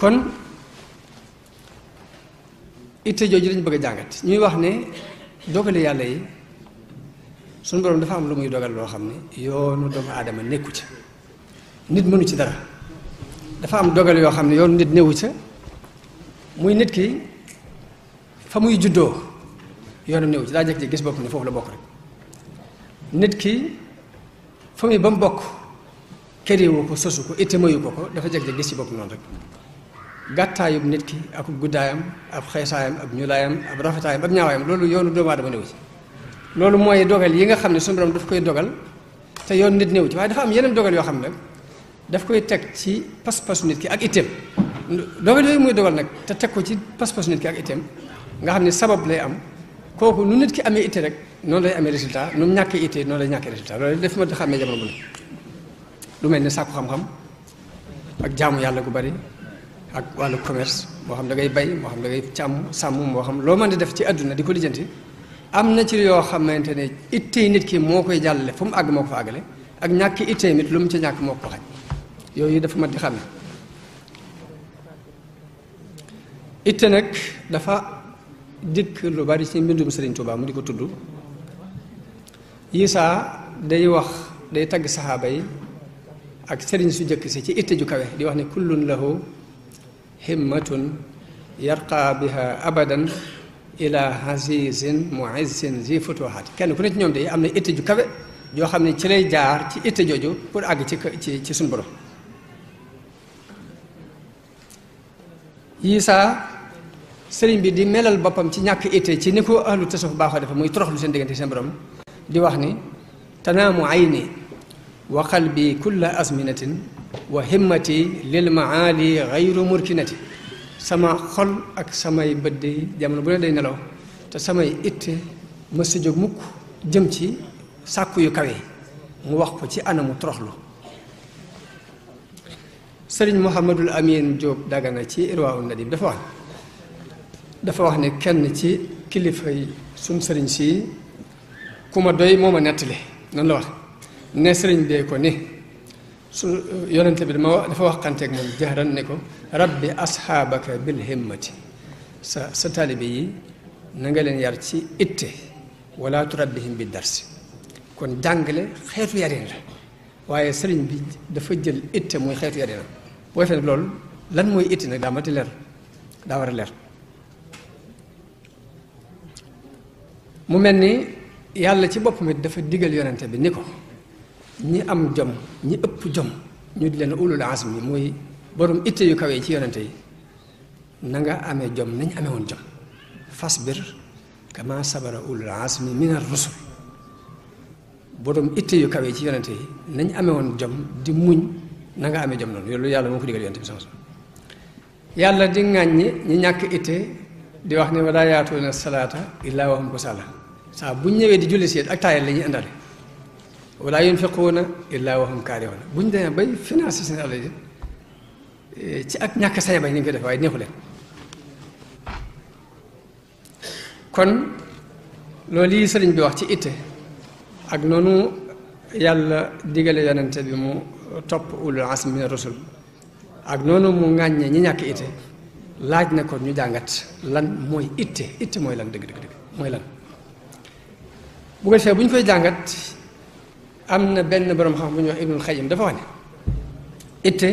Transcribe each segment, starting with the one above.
kon itte jooju dañu bëgg a jàngat ñuy wax ne dogale yàlla yi suñu borom dafa am lu muy dogal loo xam ne yoonu doomu aadama nekku ci nit mënu ci dara dafa am dogal yoo xam ne yoonu nit newu ca muy nit ki fa muy juddoo yoonu newu ci daa jekk ci gis bopp ne foofu la bokk rek nit ki famille ba mu bokk kër yi ko sosu ko itte mayu ko ko dafa jekk ci gis ci bopp noonu rek gàttaayub nit ki ak guddayam ab xeysayam ab ñulayam ab rafetaayam ab ñaawaayam lolu yoonu doomu aadama néew ci lolu moy dogal yi nga xamne sun borom daf koy dogal te yoon nit néew ci way dafa am yeneen dogal yo xamne daf koy tek ci pass pass nit ki ak item dogal yooyu muy dogal nak te tek ko ci pass pass nit ki ak item nga xamne sabab lay am koku nu nit ki amee itte rek non lay amé résultat nu ñak ité non lay ñak résultat lolu def ma xamé jamono bu lu melni sàkku xam-xam ak jaamu yàlla gu bari ak wàllu commerce moo xam da ngay bay moo xam da ngay càmm sàmm moo xam loo mën di def ci àdduna di ko lijjanti am na ci yoo xamante ne ittey nit ki moo koy jàllale fu mu àgg moo ko fa àggale ak ñàkk ittey nit lu mu ci ñàkk moo ko xaj yooyu dafa mat di xàmme itte nag dafa dikk lu bari ci mbindum Sëriñ Tuubaa mu di ko tudd Isaa day wax day tagg saxaaba yi ak sëriñ su njëkk si ci itte ju kawe di wax ne kullun lahu himmatun yarqa biha abadan ila hazizin muizzin zi futuhat kenn ku ne ci ñoom de am na itte ju kawe joo xam ne ci lay jaar ci itte jooju pour àgg ci ci ci suñu borom yiisa sëriñ bi di melal boppam ci ñàkk itte ci ni ko ahlu tasawuf baaxoo defa muy toroxlu seen diggante seen borom di wax ni tanaamu ayni wa qalbi kulla azminatin wa himmati lil maali xayru murkinati sama xol ak samay bët de jamono bu ne day nelaw te samay it mës a jóg mukk jëm ci sàkku yu kawe mu wax ko ci anamu toroxlu sëriñ Mouhamadul Amin Diop Dagana ci Irwaawu Nadim dafa wax dafa wax ne kenn ci kilifa yi sëriñ si ku ma doy moo ma nettali nan la wax ne sëriñ bee ko ni يونتبي المو فوق أن تكمل جهرا نكو ربي أصحابك بالهمة ستالبي نجلن يرتي إتي ولا تربيهم بالدرس كون دانجلي خير يارين واي سرين بي دفجل إتي موي خير يارين ويفن لول لن ñi am jom ñi ëpp jom ñu di leen ulul azm mi mooy borom itte yu kawe ci yonente yi na nga amee jom nañ amee woon jom fasbir kama sabara ulul azmi min ar yu kawe ci yonente yi nañ amee woon jom di muñ na nga amee jom noonu loolu yàlla moo ko digal yonente yàlla di ŋàññi ñi ñàkk itte di wax ne wala na salaata illaa wahum kusaala saa bu ñëwee di julli si ak taayal la ñuy wala yunfiquuna illaa wa hum kaarihuuna bu ñu demee bay financé seen alal ji eh, ci ak ñàkk say bañ ni ñu ko def waaye neexu leen kon loolu yi sëriñ bi wax ci ite ak noonu yàlla digale yonente bi mu topp ulul azmi min rusul ak noonu mu ŋàññee ñi ñàkk itte laaj na ko ñu jàngat lan mooy itte itte mooy lan dëgg dëgg mooy lan bu ko bu ñu koy jàngat am na benn borom xam bu ñuy wax Ibnul Xayyim dafa wax ne itte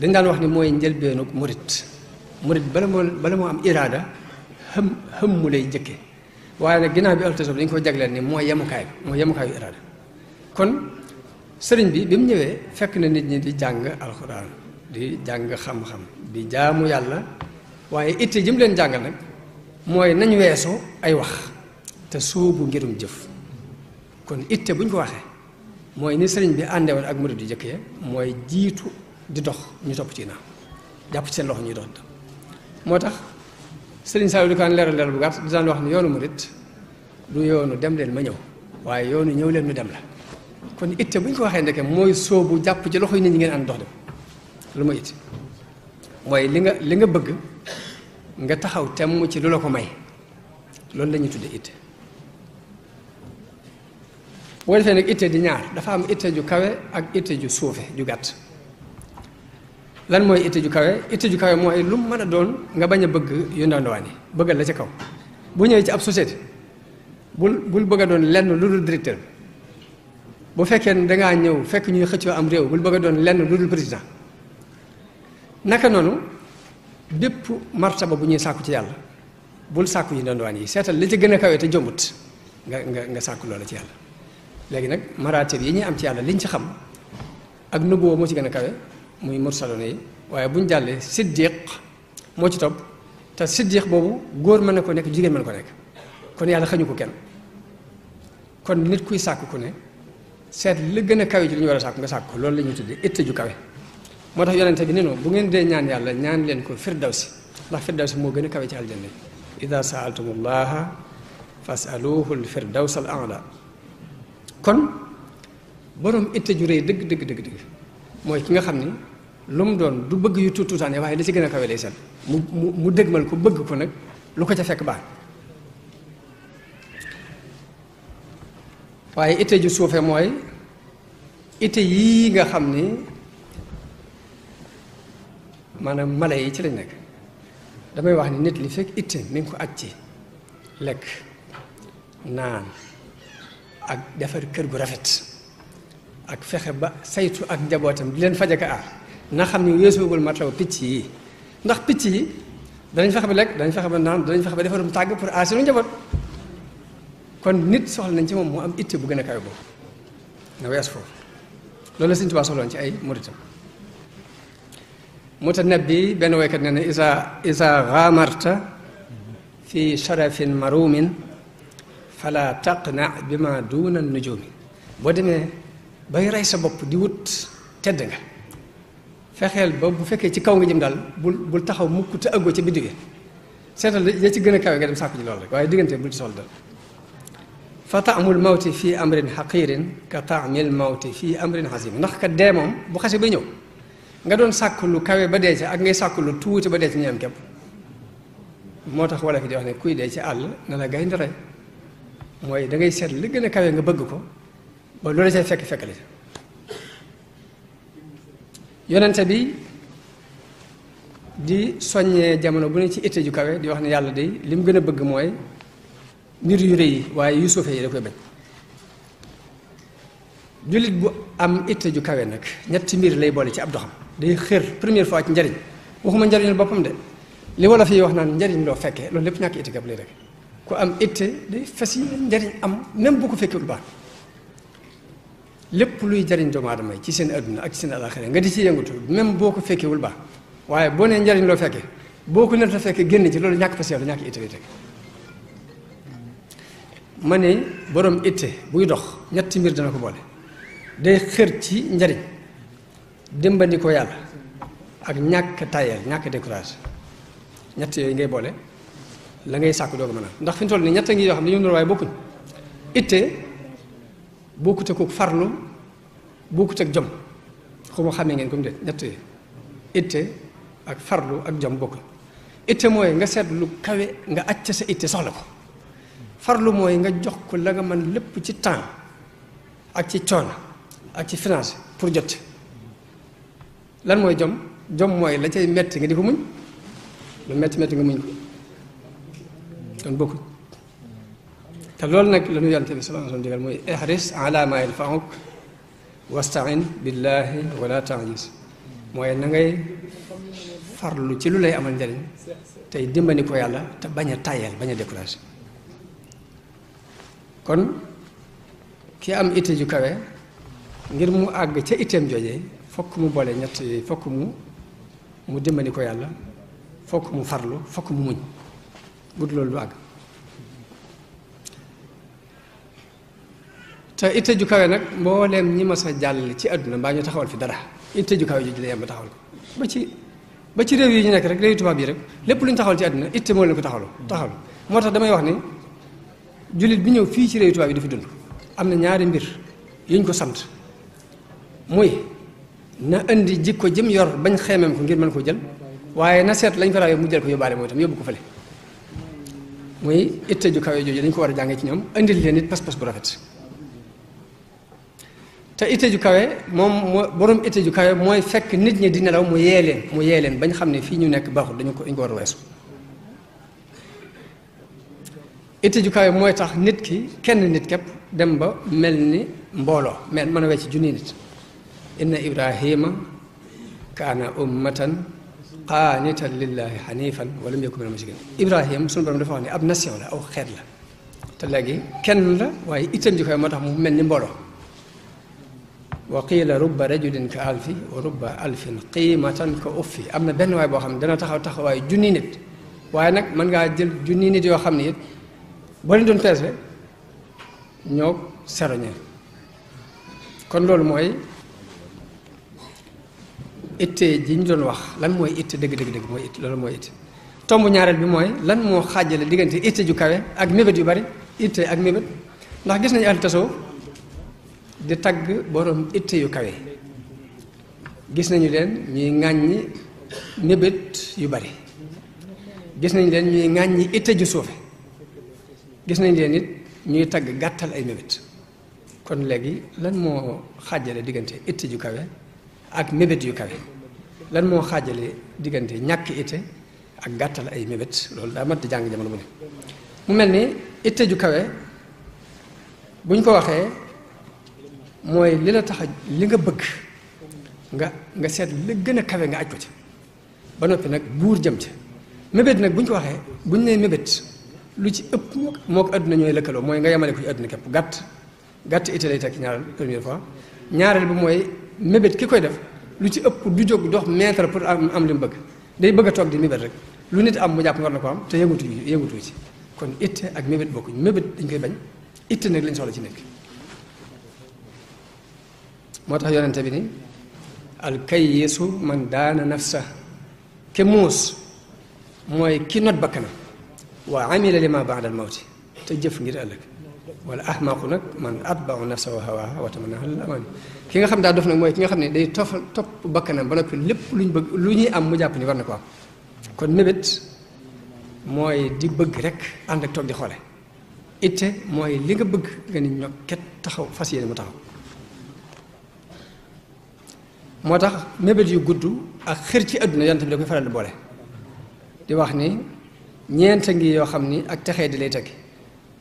dañ daan wax ni mooy njëlbeenu murit murit bala moo bala moo am iraada xëm xëm mu lay jëkke waaye nag ginnaaw bi altasab dañ ko jagleel ni mooy yemukaay bi mooy yemukaayu iraada kon sëriñ bi bi mu ñëwee fekk na nit ñi di jàng alxuraan di jàng xam-xam di jaamu yàlla waaye itte ji mu leen jàngal nag mooy nañ weesu ay wax te sóobu ngirum jëf kon itte bu ñu ko waxee mooy ni sëriñ bi àndewoon ak murid yu jëkkee mooy jiitu di dox ñu topp ci ginnaaw jàpp seen loxo ñuy dox moo tax sëriñ Saliou di ko leeral leeral bu gàtt di daan wax ne yoonu murid du yoonu dem leen ma ñëw waaye yoonu ñëw leen ñu dem la kon itte bu ñu ko waxee ndeke mooy soobu jàpp ci loxo yi nit ñi ngeen ànd dox dem lu ma itte mooy li nga li nga bëgg nga taxaw temm ci lu la ko may loolu la ñuy tuddee itte. bu ko defee nag di ñaar dafa am itte ju kawe ak itte ju suufe ju gàtt lan mooy itte ju kawe itte ju kawe mooy lu mën a doon nga bañ a bëgg yu ndaw ndawaan yi bëggal la ca kaw bu ñëwee ci ab société bul bul bëgg a doon lenn lu dul directeur bu fekkee ne dangaa ñëw fekk ñuy xëccoo am réew bul bëgg a doon lenn lu dul président naka noonu bépp martaba bu ñuy sàkku ci yàlla bul sàkku yu ndondowaan yi seetal li ci gën a kawe te jombut nga nga nga sàkku loola ci yàlla léegi nag maraatib yi ñuy am ci yàlla liñ ci xam ak nubuwa moo ci gën a kawe muy mursaloon yi waaye buñ jàllee siddiq moo ci topp te siddiq boobu góor mën na ko nekk jigéen mën na ko nekk kon yàlla xañu ko kenn kon nit kuy sàkk ku ne seet li gën a kawe ci li war sàkk nga sàkk ko loolu la ñuy tuddee itte ju kawe moo tax yonente bi ne noonu bu ngeen dee ñaan yàlla ñaan leen ko si ndax si moo gën a kawe ci aljanna yi ida saaltumullaha fasaluhu al firdawsa al a'la kon borom itte ju rëy dëgg dëgg dëgg dëgg mooy ki nga xam ni lu mu doon du bëgg yu tuut tuutaane waaye li ci gën a kawe lay seen mu mu mu dëgmal ko bëgg ko nag lu ko ca fekk baax waaye itte ju suufe mooy itte yii nga xam ni maanaam mala yi ci lañ nekk damay wax nit li fekk itte mi ngi ko aj ci lekk naan ak defar kër gu rafet ak fexe ba saytu ak njabootam di leen faj ak aar na xam ne weesuwagul matlaw picc yi ndax picc yi danañ fexe ba lekk danañ fexe ba naan danañ fexe ba defarum tàgg pour aar sunu njaboot kon nit soxla nañ ci moom mu am itte bu gën a kawe boobu na wees foofu loolu la Sëñ Tuubaa soxloon ci ay muritam mutanabbi benn woykat nee na isa isa gaamarta fi sharafin marumin فلا تقنع بما دون النجوم بودني باي ريس بوب دي ووت تيدغا فخيل با بو فكي سي كاوغي جيم دال بول بول تاخاو موكو تا اغو سي بيدوي سيتال دي سي غنا كاوي غادم ساكو لول رك واي ديغنتي بول سول دال فطعم الموت في امر حقير كطعم الموت في امر عظيم نخك ديموم بو خاسي بي نيو nga don sakulu kawe ba de ci ak ngay sakulu tuuti ba de ci ñam kep motax wala fi di wax ne kuy de ci all na la gay ndere mooy da ngay seet li gën a kawe nga bëgg ko ba loolu say fekk fekk la yonente bi di soññee jamono bu ne ci itte ju kawe di wax ne yàlla day li mu gën a bëgg mooy mbir yu rëy yi waaye yu yi da koy bañ jullit bu am itte ju kawe nag ñetti mbir lay boole ci ab doxam day xër première fois ci njariñ waxuma njariñul boppam de li wolof yi wax naan njariñ loo fekke loolu lépp ñàkk itte gab lay rek ku am itte day fas yi njariñ am même boo ko fekkee lu baax lépp luy jariñ doomu aadama yi ci seen adduna ak ci seen alaxira nga di ci yëngatu même boo ko fekkeewul baax waaye boo nee njariñ loo fekkee boo ko nata fekkee génn ci loolu ñàkk fas yàlla ñàkk itte lay teg ma ne boroom itte buy dox ñetti mbir dana ko boole day xër ci njariñ dimbali ko yàlla ak ñàkk tayal ñàkk décourage ñett yooyu ngay boole la ngay sàkk ndax fi ñu toll nii ñett ngi yoo xam ne ñu ngi waaye farlu bokkut ak jom xaw xamee ngeen comme déet ñett ak farlu ak jom bokkuñ itte nga seet lu kawe nga acc sa itte soxla ko farlu mooy nga jox ko la nga mën lépp ci temps ak ci coono ak ci finance pour jot lan mooy jom jom mooy la cay metti nga di ko muñ lu metti metti nga muñ doon bokkul te loolu nag la ñu yonent bi sallallahu alayhi wa sallam digal mooy ihris ala ma yanfauk wastain billahi wala taajis mooy na ngay farlu ci lu lay amal njariñ tey dimbali ko yàlla te bañ a tayal bañ a découragé kon ki am it ju kawe ngir mu àgg ca itteem joojee fokk mu boole ñett fokk mu mu dimbali ko yàlla fokk mu farlu fokk mu muñ bu loolu du àgg te itte ju kawe nag mbooleem ñi mas a jàllale ci àdduna mbaa ñu taxawal fi dara itte ju kawe jooju la yem taxawal ko ba ci ba ci réew yi ñu nekk rek réew tubaab yi rek lépp lu ñu taxawal ci àdduna itte moo leen ko taxawal taxawal moo tax damay wax ni jullit bi ñëw fii ci réew tubaab yi dafa dund am na ñaari mbir yuñ ko sant muy na indi jikko jëm yor bañ xeemeem ko ngir mën koo jël waaye na seet lañ fa rawee mu jël ko yóbbaale mooy tam ko fële muy itte ju kawe jooju dañ ko war a jàngee ci ñoom indil leen it pas-pas bu rafet te itte ju kawe moom moo borom itte ju kawe mooy fekk nit ñi di nelaw mu yee leen mu yee leen bañ xam ne fii ñu nekk baaxul dañu ko dañu ko war a weesu itte ju kawe mooy tax nit ki kenn nit képp dem ba mel ni mbooloo mel mën a ci junni nit inna ibrahima kaana matan قانتا لله حنيفا ولم يكن من المشركين Ibrahima sunu borom dafa wax ne ab nation la aw xeet la te léegi kenn la waaye itam jikko moo tax mu mel ni mbooloo wa qiila rubba rajulin ka alfi wa rubba alfin qiimatan ka uffi am na benn waay boo xam ne dana taxaw taxawaay junni nit waaye nag mën ngaa jël junni nit yoo xam ne it boo leen doon peese ñoo seroñe kon loolu mooy itte ji ñu doon wax lan mooy itte dëgg dëgg dëgg mooy itte loolu mooy itte tomb ñaareel bi mooy lan moo xaajale diggante itte ju kawe ak mébét yu bari itte ak mébét ndax gis nañu ahlu tasawuf di tagg borom itte yu kawe gis nañu leen ñuy ŋàññi mébét yu bari gis nañu leen ñuy ŋàññi itte ju suufe gis nañu leen it ñuy tagg gàttal ay mébét kon léegi lan moo xaajale diggante itte ju kawe ak mébét yu kawe lan moo xaajale diggante ñàkk itte ak gàttal ay mébét loolu daa mat di jàng jamono bu ne mu mel ni itte ju kawe buñ ko waxee mooy li la tax li nga bëgg nga nga seet la gën a kawe nga aj ko ci ba noppi nag buur jëm ci mébét nag bu ñu ko waxee bu ñu nee mébét lu ci ëpp moo ko àdduna ñooy lëkkaloo mooy nga yemale ko ci àdduna képp gàtt gàtt itte lay tekki ñaareel première fois ñaareel bi mooy mébét ki koy def lu ci ëpp du jóg dox mètre pour am am li mu bëgg day bëgg a toog di mébét rek lu nit am mu jàpp war na ko am te yëngutu yëngutu ci kon itte ak mébét bokkuñ mébét dañ koy bañ itte nag lañ soxla ci nekk moo tax yonente bi ni al kayyisu man daana nafsa ke muus mooy ki not bakkana wa amila lima baada al mawti te jëf ngir ëllëg wala ahmaaqu nag man atbau nafsa wa hawaaha wa tamannaha lil amaani ki nga xam daa dof nag mooy ki nga xam ne day tofal topp bakkanam ba noppi lépp lu bëgg lu am mu jàpp ni war na ko am kon mébét mooy di bëgg rek ànd ak toog di xoole itte mooy li nga bëgg nga ni ñokket taxaw fas yéene mu taxaw moo tax mébét yu gudd ak xër ci àdduna yonent bi da koy faral di boole di wax ni ñeent ngi yoo xam ak texee di lay tekki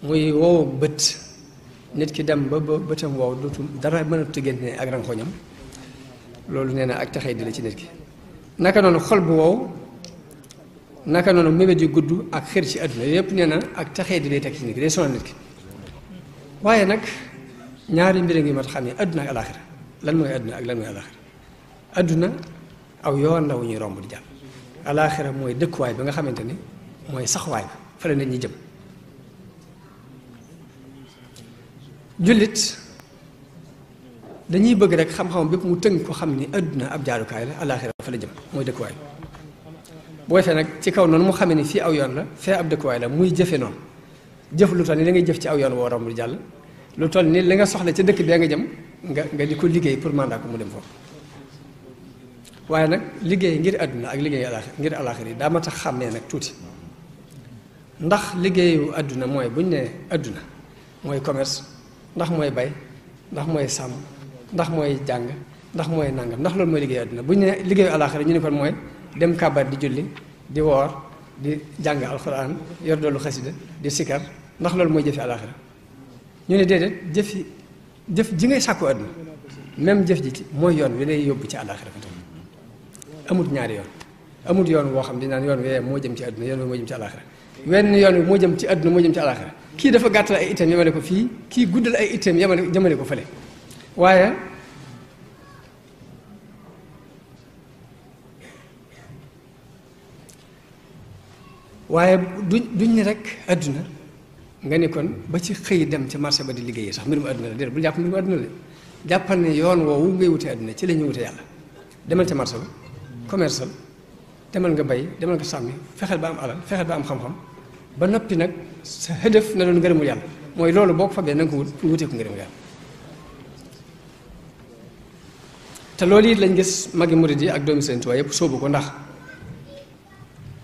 muy wow bët nit ki dem ba ba bëtam wow dootu dara mën a tëggante ne ak rankoñam loolu nee na ak taxay di ci nit ki naka noonu xol bu wow naka noonu mébét yu gudd ak xër ci àdduna yépp nee na ak taxay di lay teg ci nit ki day sonal nit ki waaye nag ñaari mbir ngi mat xam ne àdduna ak alaaxira lan mooy àdduna ak lan mooy alaaxira àdduna aw yoon la ñuy romb di jàll alaaxira mooy dëkkuwaay bi nga xamante ni mooy saxwaay ba fa la nit ñi jëm jullit dañuy bëgg rek xam-xam bépp mu tënk ko xam ni àdduna ab jaarukaay la àllaaxira fa la jëm mooy dëkkuwaay boo fee nag ci kaw noonu mu xamee ni fii aw yoon la fee ab dëkkuwaay la muy jëfe noonu jëf lu toll ni da ngay jëf ci aw yoon woo romb di jàll lu toll ni li nga soxla ca dëkk bee nga jëm nga nga di ko liggéey pour mandat ko mu dem foofu waaye nag liggéey ngir àdduna ak liggéey ngir àllaaxira yi daa ma tax xàmmee nag tuuti ndax liggéeyu àdduna mooy buñ ne àdduna mooy commerce ndax mooy bay ndax mooy sàmm ndax mooy jàng ndax mooy nangam ndax loolu mooy liggéeyu àdduna bu ñu ne alaxira ñu ne kon mooy dem kàbbar di julli di woor di jàng alquran yor doolu xasida di sikar ndax loolu mooy jëfi alaxira ñu ne déedéet jëfi jëf ji ngay sàkku àdduna même jëf ji ci mooy yoon wi lay yóbbu ci alaxira fa amut ñaari yoon amut yoon woo xam dinaan yoon wee moo jëm ci àdduna yoon wi moo jëm ci alaxira wenn yoon wi moo jëm ci àdduna moo jëm ci alaxira kii dafa gàttal ay itam yemale ko fii kii guddal ay itam yemale jëmale ko fële waaye waaye duñ duñ ne rek àdduna nga ni kon ba ci xëy dem ci marché ba di liggéeyee sax mbirum àdduna la déedéet bul jàpp mbirum àdduna la jàppal ne yoon woowu ngay wutee àdduna ci la ñuy wutee yàlla demal ca marché ba commercial demal nga bay demal nga sàmmi fexeel ba am alal fexeel ba am xam-xam ba noppi nag sa hëdëf na doon ngërëmul yàlla mooy loolu boo ko fabee na nga ko wut pour wutee ko ngërëmul yàlla te loolu it lañ gis magi murid yi ak doomi Sëriñ Tuubaa yëpp soobu ko ndax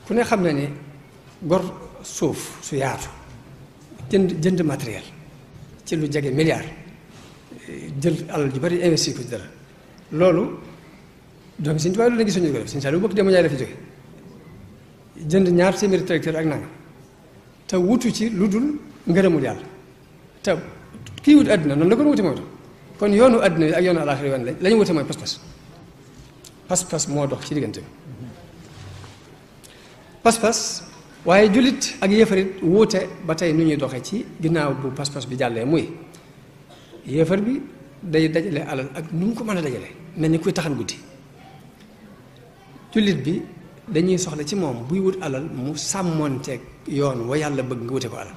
ku ne xam na ni gor suuf su yaatu jënd jënd matériel ci lu jege milliard jël alal ju bari investi ko ci dara loolu doomi Sëriñ Tuubaa loolu la gisuñu ko def Sëriñ Saliou bu bëgg dema ñaay la fi jóge jënd ñaar téeméeri tracteur ak nangam te wutu ci lu dul ngërëmul yàlla te kii wut àdduna noonu la ko wuti moytu kon yoonu àdduna yi ak yoonu àlaxira yoon lañu la ñu wuti mooy pas-pas pas-pas moo dox ci diggante bi pas-pas waaye jullit ak yéefarit wuute ba tey nu ñuy doxee ci ginnaaw bu pas-pas bi jàllee muy yéefar bi day dajale alal ak nu mu ko mën a dajale mel ni kuy taxan guddi jullit bi dañuy soxla ci moom buy wut alal mu sàmmoonteeg yoon wa yàlla bëgg nga wute ko alal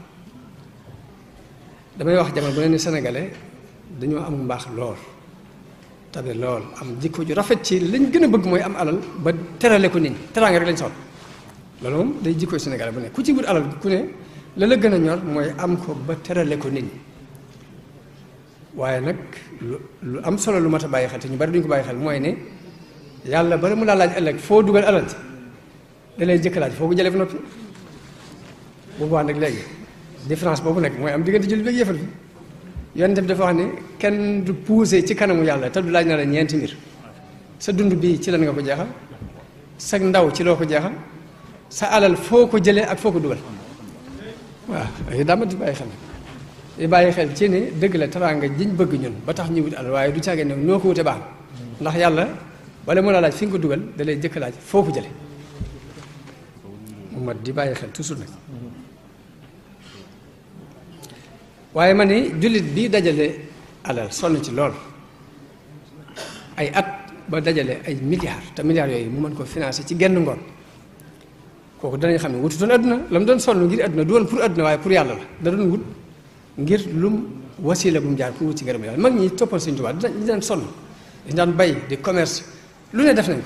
damay wax jamono bu ne ni sénégalais dañoo am mbaax lool tabe lool am jikko ju rafet ci lañ gën a bëgg mooy am alal ba terale ko nit ñi teraanga rek lañ soxla loolu moom day jikko sénégalais bu ne ku ci wut alal ku ne la la gën a ñor mooy am ko ba terale ko nit ñi waaye nag lu lu am solo lu mat a bàyyi xel te ñu bari duñ ko bàyyi xel mooy ne yàlla bari mu laa laaj ëllëg foo dugal alal da lay jëkk laaj foo ko jëlee boobu baax nag léegi différence boobu nag mooy am diggante jullit bi ak yëfal bi yonent bi dafa wax ne kenn du poussé ci kanamu yàlla te du laaj na la ñeenti mbir sa dund bi ci lan nga ko jeexal sa ndaw ci loo ko jeexal sa alal foo ko jëlee ak foo ko dugal waaw yu daamat di bàyyi xel di bàyyi xel ci ne dëgg la teraanga jiñ bëgg ñun ba tax ñu wut alal waaye du caagee ne noo ko wute baax ndax yàlla wala mu la laaj fi nga ko dugal da lay jëkk laaj foo jëlee mu mat di bàyyi xel toujours nag waaye ma ni jullit bi dajale alal sonn ci lool ay at ba dajale ay milliards te milliards yooyu mu mën ko financé ci genn ngoon kooku danañ xam ne wututoon àdduna la mu doon sonn ngir àdduna du woon pour àdduna waaye pour yàlla la da doon wut ngir lum wasiila bu mu jaar pour wut ci gërëm yàlla mag ñi toppal Sëñ Tuubaa dinañ daan sonn dañ daan bay di commerce lu ne def nañ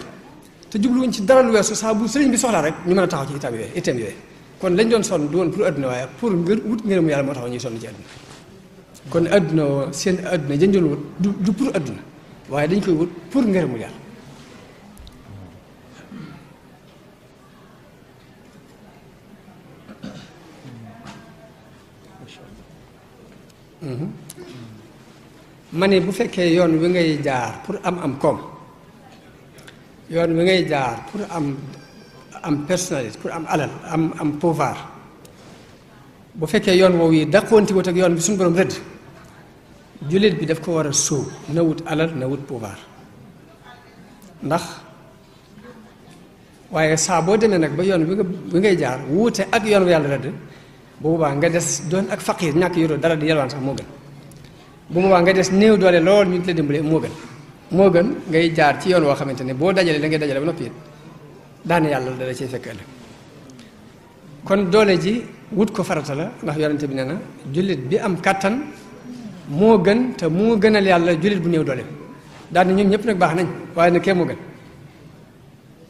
te jubluwuñ ci dara lu weesu saa bu sëriñ bi soxlaa rek ñu mën a taxaw ci itam yooyu itam yooyu kon lañ doon sonn du woon pour adduna waaye pour ngir wut ngërëmu yàlla moo tax ñuy seen adduna jënjoon wut du waaye dañ koy wut pour ngërëmu yàlla mm-hmm. ma ne bu fekkee yoon wi ngay jaar pour am am koom yoon wi ngay jaar pour am am personnalité pour am alal am am pouvoir bu fekkee yoon woowu yi dàqoonti wut yoon bi suñ borom rëdd jullit bi daf ko war a suub na wut alal na wut pouvoir ndax waaye saa boo demee nag ba yoon wi nga wi ngay jaar wuute ak yoon wi yàlla rëdd bu boobaa nga des doon ak faqiir ñàkk yoroo dara di yalwaan sax moo gën bu boobaa nga des néew doole lool ñu di la dimbale moo gën moo gën ngay jaar ci yoon woo xamante ne boo dajalee da ngay dajale ba noppi it daane yàlla dala cay fekk ëllëg kon doole ji wut ko farata la ndax yonente bi nee na jullit bi am kàttan moo gën te moo gënal yàlla jullit bu néew doole daane ñun ñëpp nag baax nañ waaye nag kee moo gën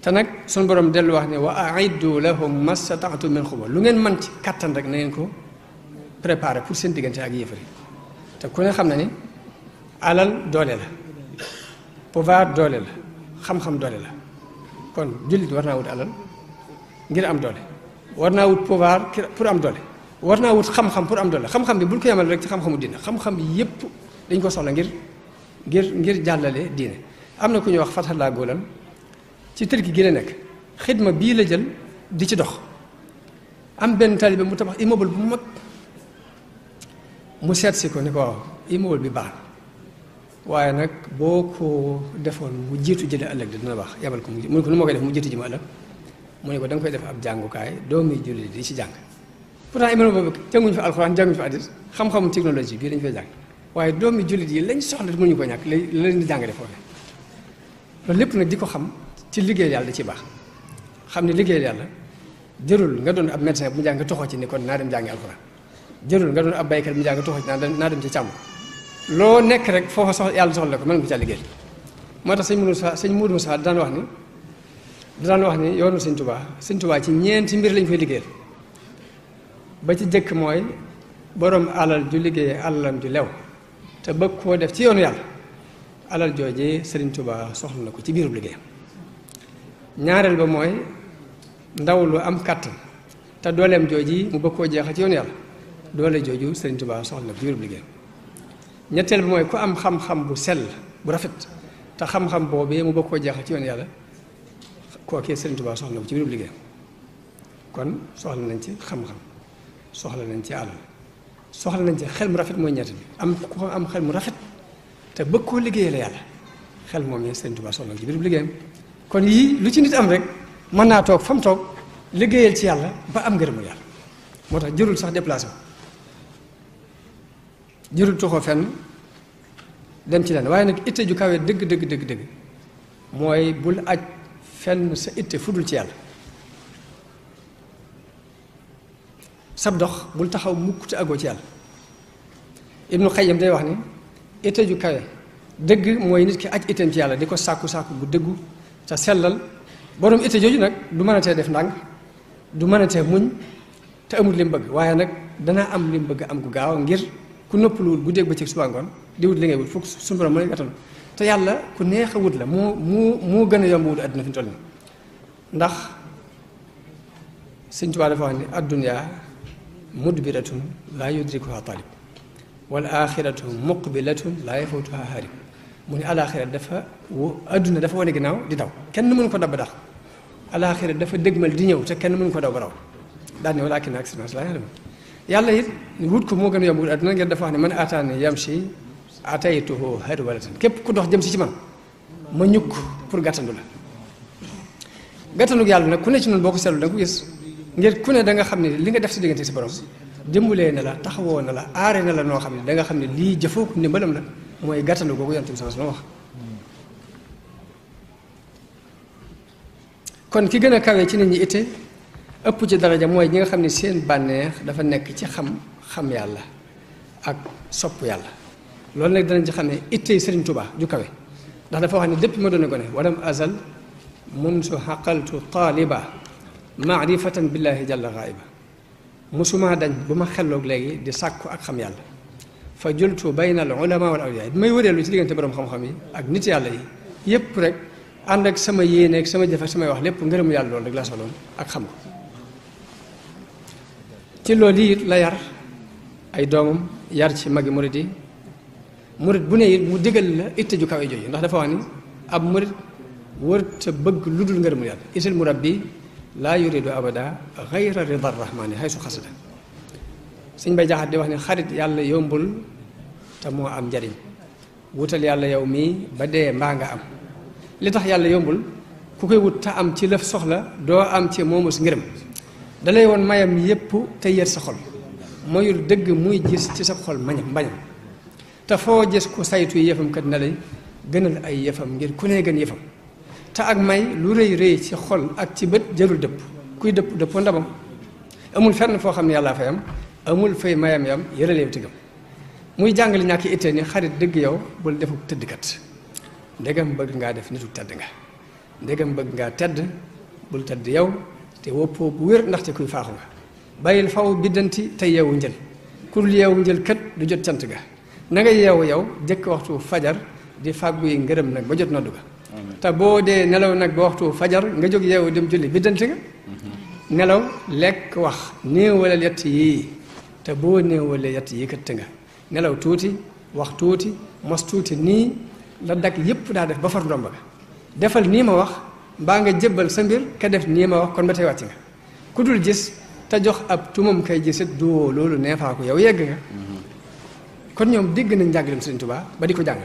te nag suñu borom dellu wax ne wa aiddu lahum mastata'tum min quwwa lu ngeen mën ci kàttan rek na ngeen ko préparer pour seen diggante ak yéefari te ku xam na ne alal doole la pouvoir doole la xam-xam doole la kon jullit war naa wut alal ngir am doole war naa wut pouvoir pour am doole war naa wut xam-xam pour am doole xam-xam bi buñ ko yamal rek ci xam-xamu diine xam-xam bi yépp dañ ko soxla ngir ngir ngir jàllale diine am na ku ñuy wax Fathallah Goulam ci Turki gi la nekk xidma bii la jël di ci dox am benn taalibe mu tabax immeuble bu mag mu seet si ko ni ko waaw immeuble bi baax waaye nag boo ko defoon mu jiitu ji la ëllëg di dina baax yabal ko mu mu koy def mu jiitu ji ma ëllëg mu ne ko danga koy def ab jàngukaay doomi jullit di ci jàng pourtant imaam boobu jànguñu fa alxuraan jànguñu fa addis xam-xamu technologie bii dañu fay jàng waaye doomi jullit yi lañ soxla mënuñu ko ñàkk la leen di jàngale foofee loolu lépp nag di ko xam ci liggéey yàlla di ci baax xam ne liggéey yàlla jërul nga doon ab médecin bu mu jàng toxoo ci ni kon naa dem jàngi alxuraan jërul nga doon ab baykat mu jàng toxoo naa dem ci càmm loo nekk rek foofa soxla yàlla soxla ko mën nga caa liggéey moo tax sëñ Mourou Moussa sëñ Mourou Moussa daan wax ni daan wax ni yoonu sëñ Touba sëñ Touba ci ñeenti mbir lañ koy liggéeyal ci jëkk mooy borom alal ju liggéey alalam ju lew te bëgg koo def ci yoonu alal jooje sëriñ Touba soxla na ko ci biirum liggéeyam ñaareel ba mooy ndaw lu am kàttan te dooleem jooji mu bëgg koo jeexal ci yoonu yàlla doole jooju sëriñ Touba soxla na ko ci biirum liggéeyam. ñetteel bi mooy ku am xam-xam bu sell bu rafet te xam-xam boobee mu bëgg koo jaaxal ci yoon yàlla kookee Sëriñ Tuubaa soxla ci biir liggéeyam kon soxla nañ ci xam-xam soxla nañ ci àll soxla nañ ci xel mu rafet mooy ñett bi am ku am xel mu rafet te bëgg koo liggéeyee la yàlla xel moom yi Sëriñ Tuubaa soxla ci biir liggéeyam kon yii lu ci nit am rek mën naa toog fa mu toog liggéeyal ci yàlla ba am ngërëmu yàlla moo tax jërul sax déplacement jërul tuxoo fenn dem ci leen waaye nag itte ju kawe dëgg dëgg dëgg dëgg mooy bul aj fenn sa itte fudul ci yàlla sab dox bul taxaw mukk te agoo ci yàlla ibnu xayam day wax ni itte ju kawe dëgg mooy nit ki aj itteem ci yàlla di ko sàkku-sàkku bu dëggu te sellal borom itte jooju nag du mën a tee def ndànk du mën a tee muñ te amul li bëgg waaye nag danaa am li bëgg am gu gaaw ngir ku noppaluwul guddeeg bëccëg suba ngoon di wut li ngay wut foog suñu borom moo lay attan te yàlla ku neex a wut la moo moo moo gën a yomb wut àdduna fi ñu toll nii ndax sëñ Tuubaa dafa wax ni addunya mudbiratun laa yudrikuha talib wal axiratu muqbilatun laa yafutuha harib mu ne alaxira dafa wo adduna dafa wane ginnaaw di daw kenn mënu ko dab ba dax alaxira dafa dëgmal di ñëw te kenn mënu ko daw ba raw daan ne walaakin aksarahum laa ya'lamuun yàlla it wut ko moo gën a yomb wut àdduna ngeen dafa wax ne man aataani yam si ataytuhu hadwalatan képp ku dox jëm si ci man ma ñukk pour gàttandu la gàttandu yàlla nag ku ne ci noonu boo ko seetlu da ko gis ngir ku ne da nga xam ne li nga def si diggante si borom dimbalee na la taxawoo la aare la noo xam ne da nga xam ne lii jëfoo ko ndimbalam la mooy gàttandu googu yonent bi sama sama wax kon ki gën a kawe ci nit ñi itte ëpp ci daraja mooy ñi nga xam ne seen bànneex dafa nekk ci xam xam yàlla ak sopp yàlla loolu nag danañ ci xam ne ittey Sëriñ Tuubaa ju kawe ndax dafa wax ne lépp ma doone ko ne walam azal munsu xaqaltu taaliba maarifatan billahi jalla xaaiba musuma dañ bu ma xelloog léegi di sàkku ak xam yàlla fa jultu bayna al ulama wal awliya may wëreelu ci diggante borom xam-xam yi ak nit yàlla yi yépp rek ànd ak sama yéene ak sama jëf ak sama wax lépp ngërëmu yàlla loolu rek laa soxloon ak xam ko ci loolu it la yar ay doomam yar ci magi murit yi murit bu ne it mu digal la itte ju kawe jooju ndax dafa wax ni ab murit wërta bëgg lu dul ngërëmu yàlla itil murabbi laa yuridu abada xayra rida rahmaani xay su xasada suñ bay jaxat di wax ne xarit yàlla yombul te moo am njariñ wutal yàlla yow mii ba dee mbaa nga am li tax yàlla yombul ku koy wut te am ci lëf soxla doo am ci moomus ngërëm dalay woon mayam yépp te yër sa xol mayul dëgg muy gis ci sa xol mañam mbañam te foo gis ku saytu yëfam kat na lay gënal ay yëfam ngir ku ne gën yëfam te ak may lu rëy rëy ci xol ak ci bët jërul dëpp kuy dëpp dëppoo ndabam amul fenn foo xam ne yàllaa fayam amul fay mayam yam yëraleew tigam muy jàngale ñàkk ittee ni xarit dëgg yow bul defu tëddkat ndegam bëgg ngaa def nitu tedd nga ndegam bëgg ngaa tedd bul tedd yow te woppoo bu wér ndax ndaxte kuy faaxu nga bàyyil faw biddanti te yeewu njël ku dul yeewu njël kat du jot cant ga na nga yeewu yow jëkk waxtu fajar di fàggu yi ngërëm nag ba jot noddu ga te boo dee nelaw nag ba waxtu fajar nga jóg yeewu dem julli biddanti nga mhm. nelaw lekk wax néewalal yett yii te boo néewalee yett yii kat nga nelaw tuuti wax tuuti mos tuuti nii la dag yépp daa def ba far ndomb ga defal nii ma wax baa nga jëbbal sa mbir ka def nii ma wax kon ba tey wàcc nga ku dul gis te jox ab tumam kay gisit du woo loolu neefaaku yow yegg nga mhm. kon ñoom dégg nañ njàngaleem Sëriñ Tuubaa ba di ko jàng